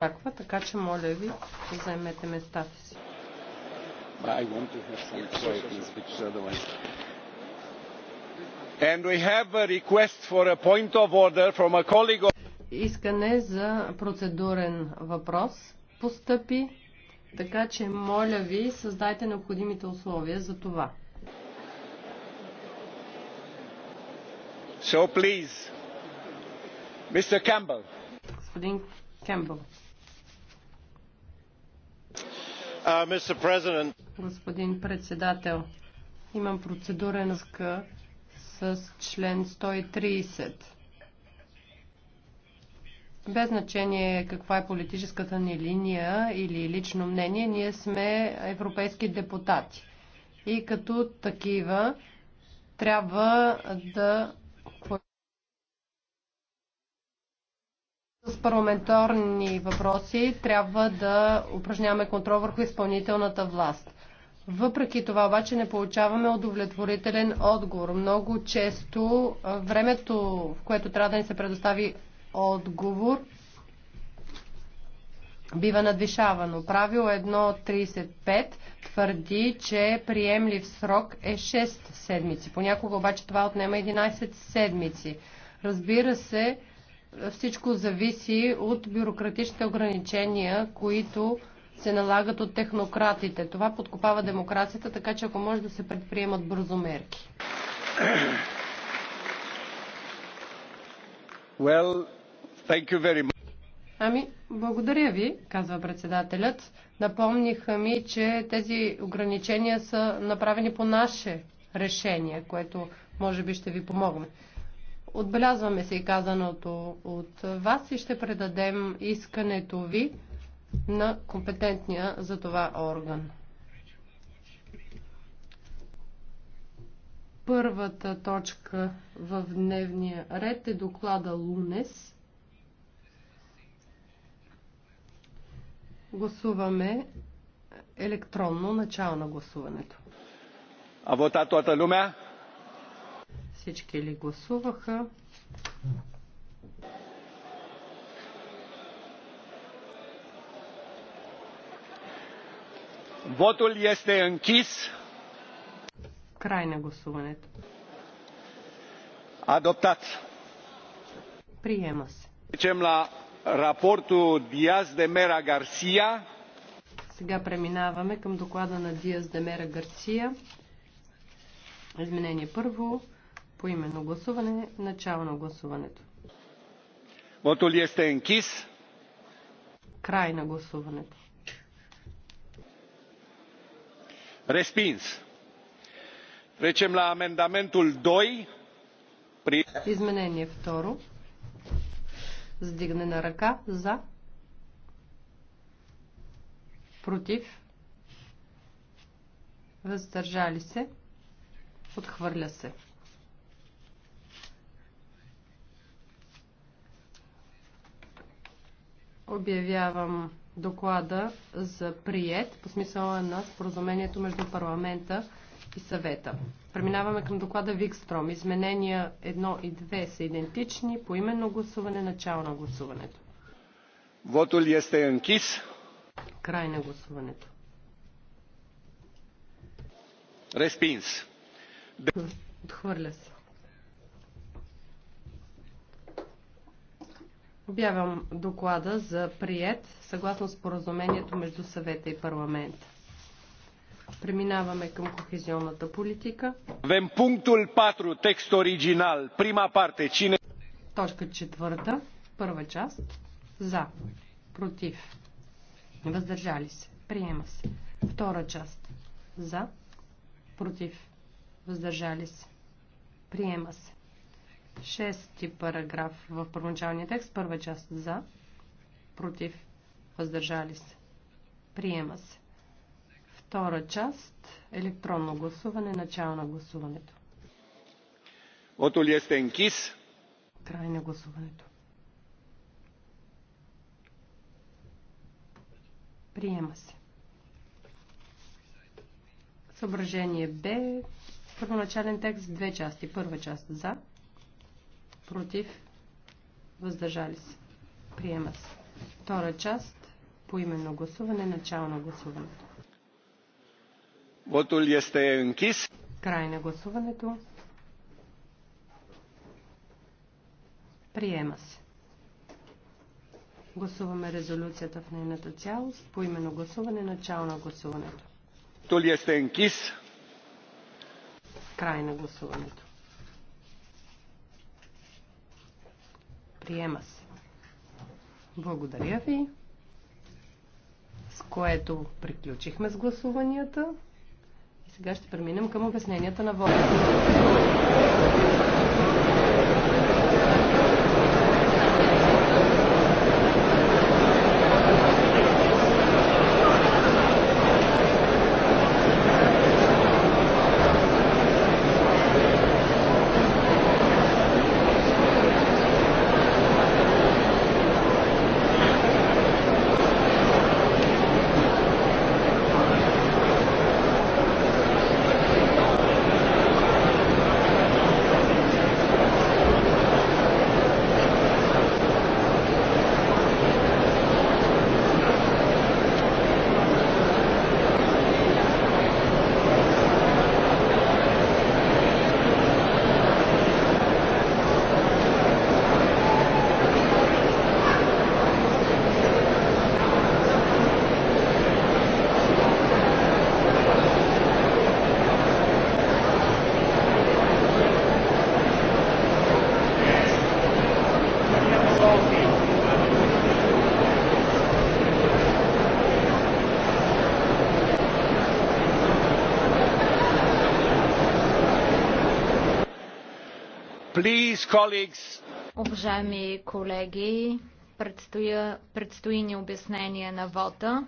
очаква, така че моля ви, заемете местата си. Of... Искане за процедурен въпрос постъпи, така че моля ви, създайте необходимите условия за това. So please, Mr. Campbell. Господин Кембъл. Uh, Господин председател, имам процедурен ска с член 130. Без значение каква е политическата ни линия или лично мнение, ние сме европейски депутати. И като такива трябва да парламентарни въпроси трябва да упражняваме контрол върху изпълнителната власт. Въпреки това обаче не получаваме удовлетворителен отговор. Много често времето, в което трябва да ни се предостави отговор, бива надвишавано. Правило 1.35 твърди, че приемлив срок е 6 седмици. Понякога обаче това отнема 11 седмици. Разбира се, всичко зависи от бюрократичните ограничения, които се налагат от технократите. Това подкопава демокрацията, така че ако може да се предприемат бързо мерки. Well, thank you very much. Ами, благодаря ви, казва председателят. Напомниха ми, че тези ограничения са направени по наше решение, което може би ще ви помогне. Отбелязваме се и казаното от вас и ще предадем искането ви на компетентния за това орган. Първата точка в дневния ред е доклада Лунес. Гласуваме електронно начало на гласуването. А вота тоată lumea? Всички ли гласуваха? Votul este închis. Край на гласуването. Адоптат. Приема се. Trecem на рапорту Diaz де Мера Гарсия. Сега преминаваме към доклада на Диаз Демера Гарсия. Изменение първо. По именно гласуване, начало на гласуването. ли este енкис. Край на гласуването. Респинс. Речем на амендаментул 2. При... Изменение второ. Сдигне на ръка за. Против. Въздържали се. Отхвърля се. обявявам доклада за прият по смисъла на споразумението между парламента и съвета. Преминаваме към доклада Викстром. Изменения 1 и 2 са идентични. По именно гласуване, начало на гласуването. Вотul este închis. Край на гласуването. Респинс. Отхвърля се. Обявям доклада за прият съгласно споразумението между съвета и парламента. Преминаваме към кохезионната политика. Вен пунктул 4, текст оригинал, прима парте, чине... Точка четвърта, първа част. За, против, въздържали се, приема се. Втора част. За, против, въздържали се, приема се. Шести параграф в първоначалния текст. Първа част за. Против. Въздържали се. Приема се. Втора част. Електронно гласуване. Начало на гласуването. Вотul е închis. Край на гласуването. Приема се. Съображение Б. Първоначален текст. Две части. Първа част за против, въздържали се. Приема се. Втора част по именно гласуване, начало на гласуването. Votul închis. Край на гласуването. Приема се. Гласуваме резолюцията в нейната цялост. По именно гласуване, начало на гласуването. Votul este închis. Край на гласуването. Приема се. Благодаря ви. С което приключихме с гласуванията. И сега ще преминем към обясненията на водата. Please, Уважаеми колеги, предстоя, предстои ни обяснение на вота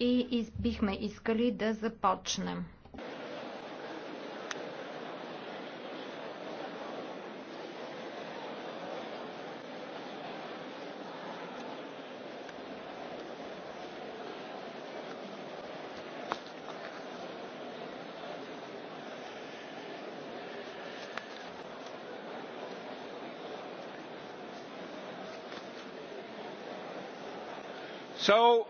и бихме искали да започнем. So,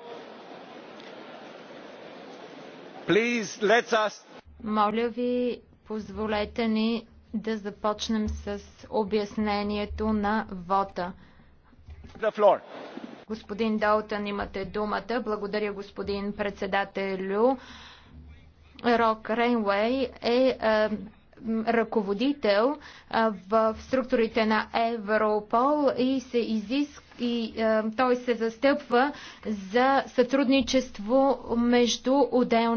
please, let us... Моля ви, позволете ни да започнем с обяснението на вота. The floor. Господин Долтън, имате думата. Благодаря, господин председателю. Рок Рейнвей е, е ръководител е, в структурите на Европол и се изисква и е, той се застъпва за сътрудничество между отделни